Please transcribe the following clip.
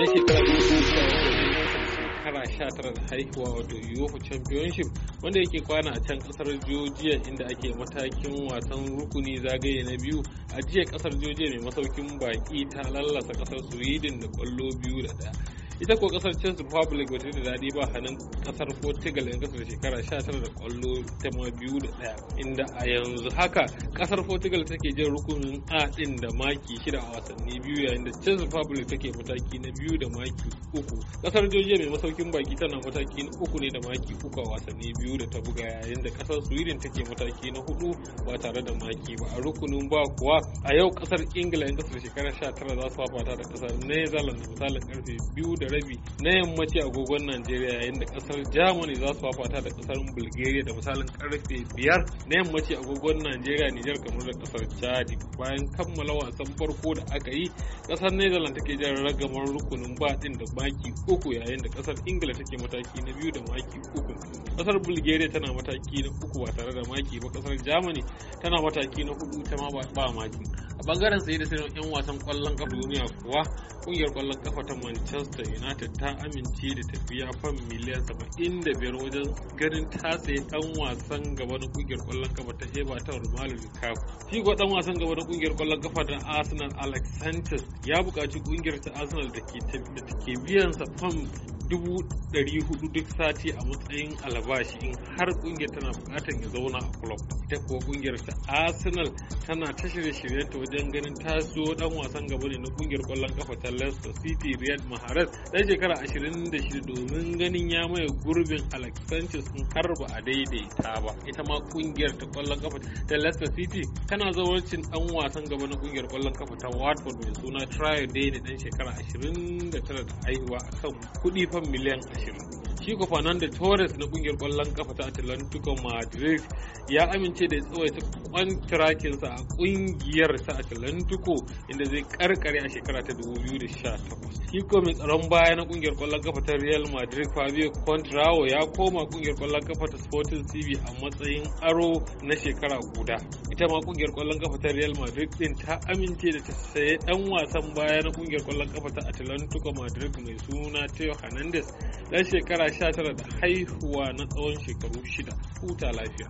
dan shekara shekara sha tara da haihuwa wato UEFA Championship wanda yake kwana a can kasar Georgia inda ake matakin wasan rukuni zagaye na biyu a jiya kasar Georgia mai masaukin baki ta lallasa kasar Sweden da kwallo biyu da daya ita ko kasar czech republic ba ta daɗi ba hannun kasar portugal yan kasar shekara 19 da kwallo ta ma biyu da ɗaya inda a yanzu haka kasar portugal take jin rukunin a ɗin da maki shida a wasanni biyu yayin da czech republic take mataki na biyu da maki uku kasar georgia mai masaukin baki tana mataki na uku ne da maki uku a wasanni biyu da ta buga yayin da kasar sweden take mataki na hudu ba tare da maki ba a rukunin ba kuwa a yau kasar ingila yan kasar shekara 19 za su fafata da kasar netherlands misalin karfe biyu da rabi na yammaci agogon Najeriya yayin da kasar Germany za su fafata da kasar Bulgaria da misalin karfe biyar na yammaci agogon Najeriya Nijar kamar da kasar Chad bayan kammala wasan farko da aka yi kasar Netherlands take jan ragamar rukunin ba din da maki uku yayin da kasar Ingila take mataki na biyu da maki uku kasar Bulgaria tana mataki na uku ba tare da maki ba kasar Germany tana mataki na hudu ta ma ba maki a bangaren tsaye da sai 'yan wasan kwallon kafa duniya kuwa kungiyar kwallon kafa ta manchester united ta amince da tafiya fam miliyan 75 wajen ganin ta sayi dan wasan gaba na kungiyar kwallon kafa ta ta romelu lukaku shi dan wasan gaba na kungiyar kwallon kafa ta arsenal alex ya bukaci kungiyar ta arsenal da ke biyan sa fam dubu ɗari hudu duk sati a matsayin albashi in har kungiyar tana bukatar ya zauna a club ita kuwa kungiyar ta arsenal tana ta shirye ta wajen ganin ta siyo dan wasan gaba ne na kungiyar kwallon kafa ta leicester city riyad mahrez dan shekara ashirin da shida domin ganin ya maye gurbin alex sanchez in har ba a daidaita ba ita ma kungiyar ta kwallon kafa ta leicester city tana zawarcin dan wasan gaba na kungiyar kwallon kafa ta watford mai suna day ne dan shekara ashirin da da haihuwa kan kuɗi fa миллион Chico Fernando Torres na kungiyar kwallon kafa ta Atlantico Madrid ya amince da ya tsawaita kwantirakinsa a kungiyar sa Atlantico inda zai karkare a shekara ta 2018 Chico mai tsaron baya na kungiyar kwallon kafa ta Real Madrid Fabio Contrao ya koma kungiyar kwallon kafa ta Sporting CB a matsayin aro na shekara guda ita ma kungiyar kwallon kafa ta Real Madrid din ta amince da ta saye dan wasan baya na kungiyar kwallon kafa ta Atlantico Madrid mai suna Teo Hernandez ɗan shekara 19 da haihuwa na tsawon shekaru shida huta lafiya